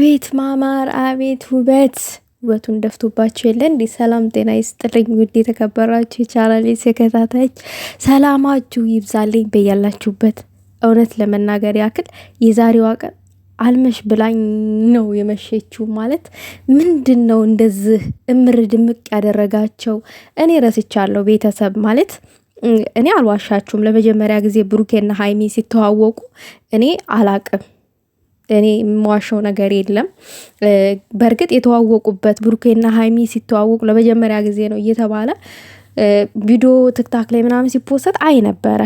ቤት ማማር አቤት ውበት ውበቱን ደፍቶባቸው የለ እንዴ! ሰላም ጤና ይስጥልኝ ውድ የተከበራችሁ የቻናሌ ተከታታዮች ሰላማችሁ ይብዛልኝ በያላችሁበት። እውነት ለመናገር ያክል የዛሬዋ ቀን አልመሽ ብላኝ ነው የመሸችው። ማለት ምንድን ነው እንደዚህ እምር ድምቅ ያደረጋቸው? እኔ ረስቻለሁ ቤተሰብ ማለት እኔ አልዋሻችሁም። ለመጀመሪያ ጊዜ ብሩኬና ሀይሚ ሲተዋወቁ እኔ አላቅም እኔ የምዋሸው ነገር የለም። በእርግጥ የተዋወቁበት ብሩኬና ሀይሚ ሲተዋወቁ ለመጀመሪያ ጊዜ ነው እየተባለ ቪዲዮ ትክታክ ላይ ምናምን ሲፖሰት አይ ነበረ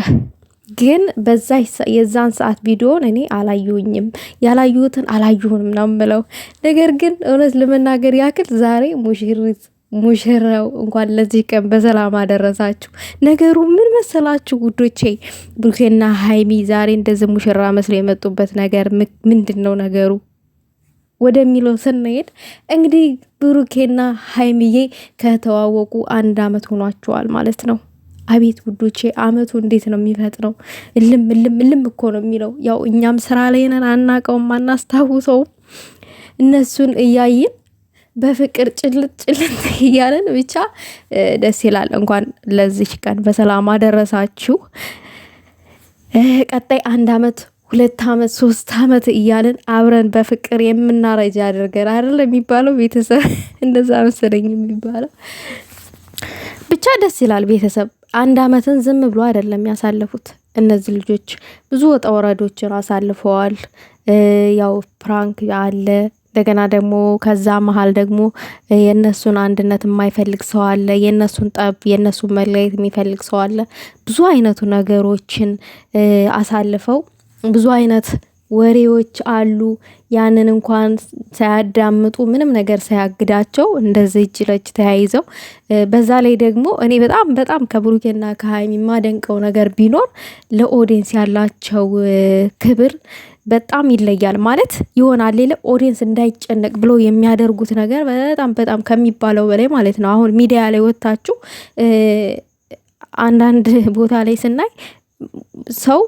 ግን በዛ የዛን ሰዓት ቪዲዮን እኔ አላዩኝም ያላዩትን አላየሁንም ነው ምለው። ነገር ግን እውነት ለመናገር ያክል ዛሬ ሙሽሪት ሙሽራው እንኳን ለዚህ ቀን በሰላም አደረሳችሁ። ነገሩ ምን መሰላችሁ ጉዶቼ፣ ብሩኬና ሀይሚ ዛሬ እንደዚህ ሙሽራ መስሎ የመጡበት ነገር ምንድን ነው ነገሩ ወደሚለው ስንሄድ እንግዲህ ብሩኬና ሀይሚዬ ከተዋወቁ አንድ አመት ሆኗቸዋል ማለት ነው። አቤት ውዶቼ አመቱ እንዴት ነው የሚፈጥነው? እልም እልም እልም እኮ ነው የሚለው። ያው እኛም ስራ ላይ ነን፣ አናቀውም፣ አናስታውሰውም እነሱን እያይን በፍቅር ጭልጥ ጭልጥ እያለን ብቻ ደስ ይላል። እንኳን ለዚች ቀን በሰላም አደረሳችሁ። ቀጣይ አንድ አመት ሁለት አመት ሶስት አመት እያለን አብረን በፍቅር የምናረጅ አድርገን አይደለ የሚባለው ቤተሰብ እንደዛ መሰለኝ የሚባለው ብቻ ደስ ይላል። ቤተሰብ አንድ አመትን ዝም ብሎ አይደለም ያሳለፉት እነዚህ ልጆች ብዙ ወጣ ወረዶችን አሳልፈዋል። ያው ፕራንክ አለ እንደገና ደግሞ ከዛ መሀል ደግሞ የእነሱን አንድነት የማይፈልግ ሰው አለ። የእነሱን ጠብ፣ የእነሱን መለየት የሚፈልግ ሰው አለ። ብዙ አይነቱ ነገሮችን አሳልፈው ብዙ አይነት ወሬዎች አሉ። ያንን እንኳን ሳያዳምጡ ምንም ነገር ሳያግዳቸው እንደዚህ እጅ ለእጅ ተያይዘው በዛ ላይ ደግሞ እኔ በጣም በጣም ከብሩኬና ከሀይሚ የማደንቀው ነገር ቢኖር ለኦዲየንስ ያላቸው ክብር በጣም ይለያል። ማለት ይሆናል ሌለ ኦዲየንስ እንዳይጨነቅ ብሎ የሚያደርጉት ነገር በጣም በጣም ከሚባለው በላይ ማለት ነው። አሁን ሚዲያ ላይ ወጥታችሁ አንዳንድ ቦታ ላይ ስናይ ሰው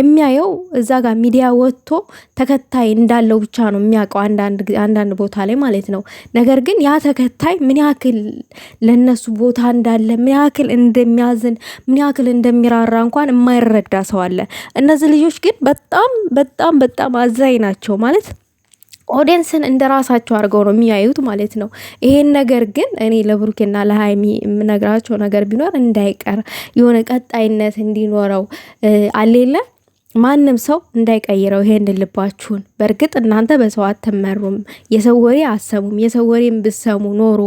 የሚያየው እዛ ጋር ሚዲያ ወጥቶ ተከታይ እንዳለው ብቻ ነው የሚያውቀው፣ አንዳንድ ቦታ ላይ ማለት ነው። ነገር ግን ያ ተከታይ ምን ያክል ለነሱ ቦታ እንዳለ፣ ምን ያክል እንደሚያዝን፣ ምን ያክል እንደሚራራ እንኳን የማይረዳ ሰው አለ። እነዚህ ልጆች ግን በጣም በጣም በጣም አዛኝ ናቸው ማለት ኦዲየንስን እንደ ራሳቸው አድርገው ነው የሚያዩት ማለት ነው። ይሄን ነገር ግን እኔ ለብሩኬና ለሀይሚ የምነግራቸው ነገር ቢኖር እንዳይቀር የሆነ ቀጣይነት እንዲኖረው አሌለ ማንም ሰው እንዳይቀይረው ይሄን ልባችሁን። በእርግጥ እናንተ በሰው አትመሩም፣ የሰው ወሬ አሰሙም። የሰው ወሬን ብሰሙ ኖሮ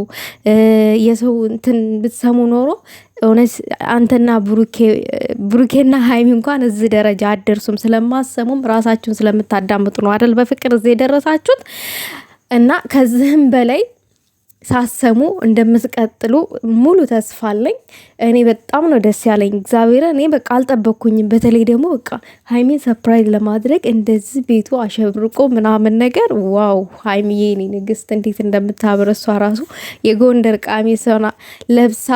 የሰው እንትን ብትሰሙ ኖሮ እውነት አንተና ብሩኬና ሀይሚ እንኳን እዚህ ደረጃ አደርሱም። ስለማሰሙም ራሳችሁን ስለምታዳምጡ ነው አደል በፍቅር እዚህ የደረሳችሁት እና ከዚህም በላይ ሳሰሙ እንደምትቀጥሉ ሙሉ ተስፋ አለኝ። እኔ በጣም ነው ደስ ያለኝ እግዚአብሔር። እኔ በቃ አልጠበኩኝም በተለይ ደግሞ በቃ ሀይሜን ሰፕራይዝ ለማድረግ እንደዚህ ቤቱ አሸብርቆ ምናምን ነገር ዋው! ሀይሚዬ እኔ ንግስት እንዴት እንደምታበረሷ ራሱ የጎንደር ቃሚስ ለብሳ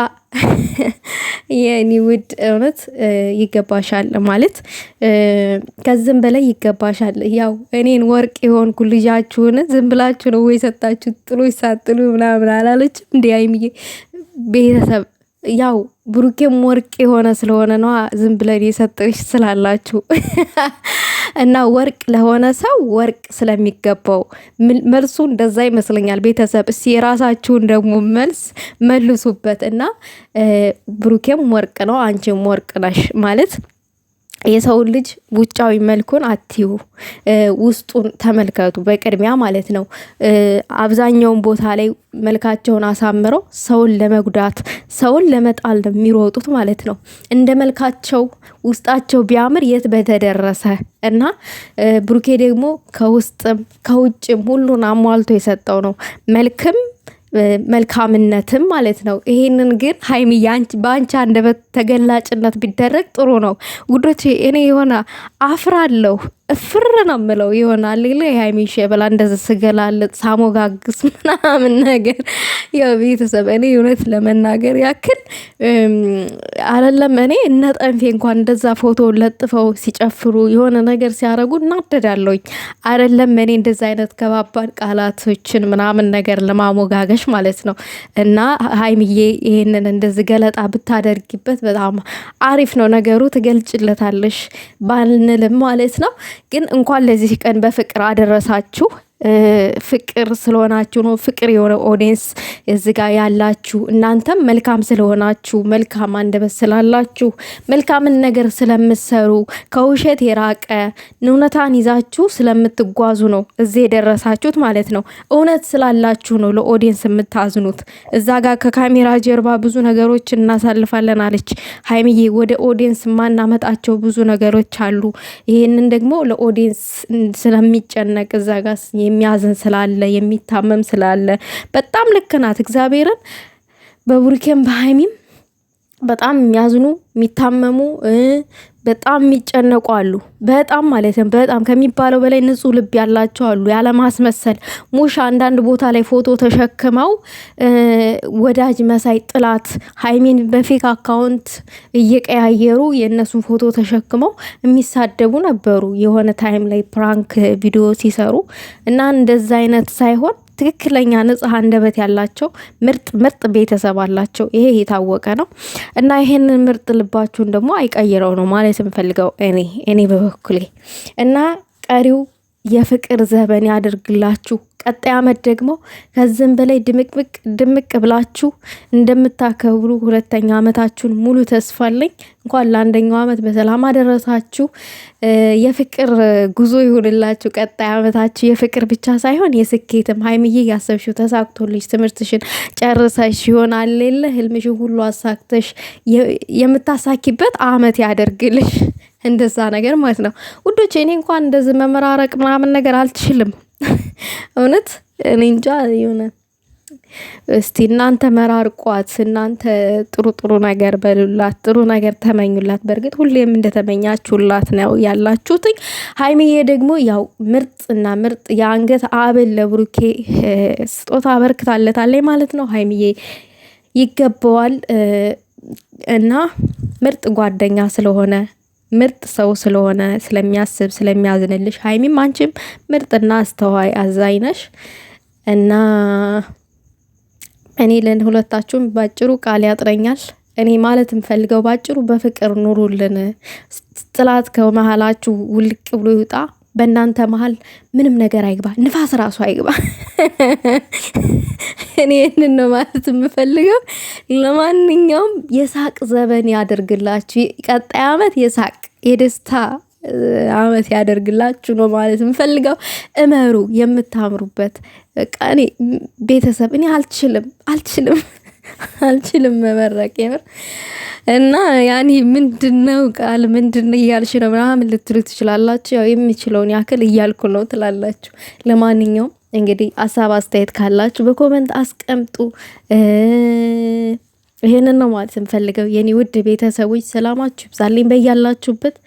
የእኔ ውድ እውነት ይገባሻል ማለት ከዚህም በላይ ይገባሻል። ያው እኔን ወርቅ የሆንኩ ልጃችሁን ዝም ብላችሁ ነው ወይ ሰጣችሁ? ጥሎ ይሳጥሉ ምናምን አላለችም እንዲ ቤተሰብ ያው ብሩኬም ወርቅ የሆነ ስለሆነ ነው ዝም ብለን የሰጠሽ ስላላችሁ እና ወርቅ ለሆነ ሰው ወርቅ ስለሚገባው መልሱ እንደዛ ይመስለኛል። ቤተሰብ እስ የራሳችሁን ደግሞ መልስ መልሱበት እና ብሩኬም ወርቅ ነው፣ አንቺም ወርቅ ነሽ ማለት የሰውን ልጅ ውጫዊ መልኩን አትዩ፣ ውስጡን ተመልከቱ በቅድሚያ ማለት ነው። አብዛኛውን ቦታ ላይ መልካቸውን አሳምረው ሰውን ለመጉዳት ሰውን ለመጣል ነው የሚሮጡት ማለት ነው። እንደ መልካቸው ውስጣቸው ቢያምር የት በተደረሰ እና ብሩኬ ደግሞ ከውስጥም ከውጭም ሁሉን አሟልቶ የሰጠው ነው መልክም መልካምነትም ማለት ነው። ይሄንን ግን ሀይሚ በአንቺ አንደበት ተገላጭነት ቢደረግ ጥሩ ነው። ጉዶች እኔ የሆነ አፍራለሁ። እፍር ነው የምለው ይሆናል ለ የሃይሚሽ የበላ እንደዚ ስገላለጥ ሳሞጋግስ ምናምን ነገር ያው ቤተሰብ እኔ እውነት ለመናገር ያክል አለለም እኔ እነ ጠንፌ እንኳን እንደዛ ፎቶ ለጥፈው ሲጨፍሩ የሆነ ነገር ሲያደርጉ እናደዳለውኝ አለለም እኔ እንደዛ አይነት ከባባድ ቃላቶችን ምናምን ነገር ለማሞጋገሽ ማለት ነው። እና ሀይሚዬ ይሄንን እንደዚህ ገለጣ ብታደርጊበት በጣም አሪፍ ነው ነገሩ። ትገልጭለታለሽ ባንልም ማለት ነው። ግን እንኳን ለዚህ ቀን በፍቅር አደረሳችሁ። ፍቅር ስለሆናችሁ ነው። ፍቅር የሆነ ኦዲየንስ እዚ ጋ ያላችሁ እናንተም መልካም ስለሆናችሁ መልካም አንደበት ስላላችሁ መልካምን ነገር ስለምትሰሩ ከውሸት የራቀ እውነታን ይዛችሁ ስለምትጓዙ ነው እዚህ የደረሳችሁት ማለት ነው። እውነት ስላላችሁ ነው ለኦዲየንስ የምታዝኑት። እዛ ጋር ከካሜራ ጀርባ ብዙ ነገሮች እናሳልፋለን አለች ሀይሚዬ። ወደ ኦዲንስ ማናመጣቸው ብዙ ነገሮች አሉ። ይህንን ደግሞ ለኦዲንስ ስለሚጨነቅ እዛ ጋር የሚያዝን ስላለ የሚታመም ስላለ በጣም ልክ ናት። እግዚአብሔርን በቡርኬም በሀይሚም በጣም የሚያዝኑ የሚታመሙ በጣም የሚጨነቁ አሉ። በጣም ማለት ነው በጣም ከሚባለው በላይ ንጹህ ልብ ያላቸው አሉ። ያለማስመሰል ሙሽ አንዳንድ ቦታ ላይ ፎቶ ተሸክመው ወዳጅ መሳይ ጥላት ሀይሚን በፌክ አካውንት እየቀያየሩ የእነሱን ፎቶ ተሸክመው የሚሳደቡ ነበሩ። የሆነ ታይም ላይ ፕራንክ ቪዲዮ ሲሰሩ እና እንደዛ አይነት ሳይሆን ትክክለኛ ንጽህ አንደበት ያላቸው ምርጥ ምርጥ ቤተሰብ አላቸው። ይሄ የታወቀ ነው እና ይሄንን ምርጥ ልባችሁን ደግሞ አይቀይረው ነው ማለት የምፈልገው እኔ እኔ በበኩሌ እና ቀሪው የፍቅር ዘበን ያደርግላችሁ። ቀጣይ ዓመት ደግሞ ከዚህም በላይ ድምቅምቅ ድምቅ ብላችሁ እንደምታከብሩ ሁለተኛ ዓመታችሁን ሙሉ ተስፋ አለኝ። እንኳን ለአንደኛው ዓመት በሰላም አደረሳችሁ። የፍቅር ጉዞ ይሁንላችሁ። ቀጣይ ዓመታችሁ የፍቅር ብቻ ሳይሆን የስኬትም። ሀይምዬ ያሰብሽው ተሳክቶልሽ ትምህርትሽን ጨርሰሽ ይሆናል የለ ህልምሽን ሁሉ አሳክተሽ የምታሳኪበት ዓመት ያደርግልሽ። እንደዛ ነገር ማለት ነው ውዶች። እኔ እንኳን እንደዚህ መመራረቅ ምናምን ነገር አልችልም። እውነት እኔ እንጃ የሆነ እስቲ እናንተ መራርቋት፣ እናንተ ጥሩ ጥሩ ነገር በሉላት፣ ጥሩ ነገር ተመኙላት። በእርግጥ ሁሌም እንደተመኛችሁላት ነው ያላችሁትኝ። ሀይሚዬ ደግሞ ያው ምርጥና ምርጥ የአንገት አበል ለብሩኬ ስጦታ አበርክታለታለች ማለት ነው። ሀይሚዬ ይገባዋል እና ምርጥ ጓደኛ ስለሆነ ምርጥ ሰው ስለሆነ ስለሚያስብ ስለሚያዝንልሽ፣ ሀይሚም አንቺም ምርጥና አስተዋይ አዛኝ ነሽ እና እኔ ሁለታችሁም ባጭሩ ቃል ያጥረኛል። እኔ ማለት የምፈልገው ባጭሩ በፍቅር ኑሩልን። ጥላት ከመሀላችሁ ውልቅ ብሎ ይውጣ። በእናንተ መሀል ምንም ነገር አይግባ፣ ንፋስ ራሱ አይግባ። እኔ ይህንን ነው ማለት የምፈልገው። ለማንኛውም የሳቅ ዘመን ያደርግላችሁ፣ ቀጣይ ዓመት የሳቅ የደስታ ዓመት ያደርግላችሁ ነው ማለት የምፈልገው። እመሩ የምታምሩበት ቀኔ ቤተሰብ እኔ አልችልም አልችልም። አልችልም መመረቅ የምር እና ያኔ ምንድነው ቃል ምንድነው እያልሽ ነው ምናምን ልትሉ ትችላላችሁ። ያው የሚችለውን ያክል እያልኩ ነው ትላላችሁ። ለማንኛውም እንግዲህ አሳብ አስተያየት ካላችሁ በኮመንት አስቀምጡ። ይሄንን ነው ማለት እንፈልገው። የኔ ውድ ቤተሰቦች ሰላማችሁ ይብዛልኝ በያላችሁበት።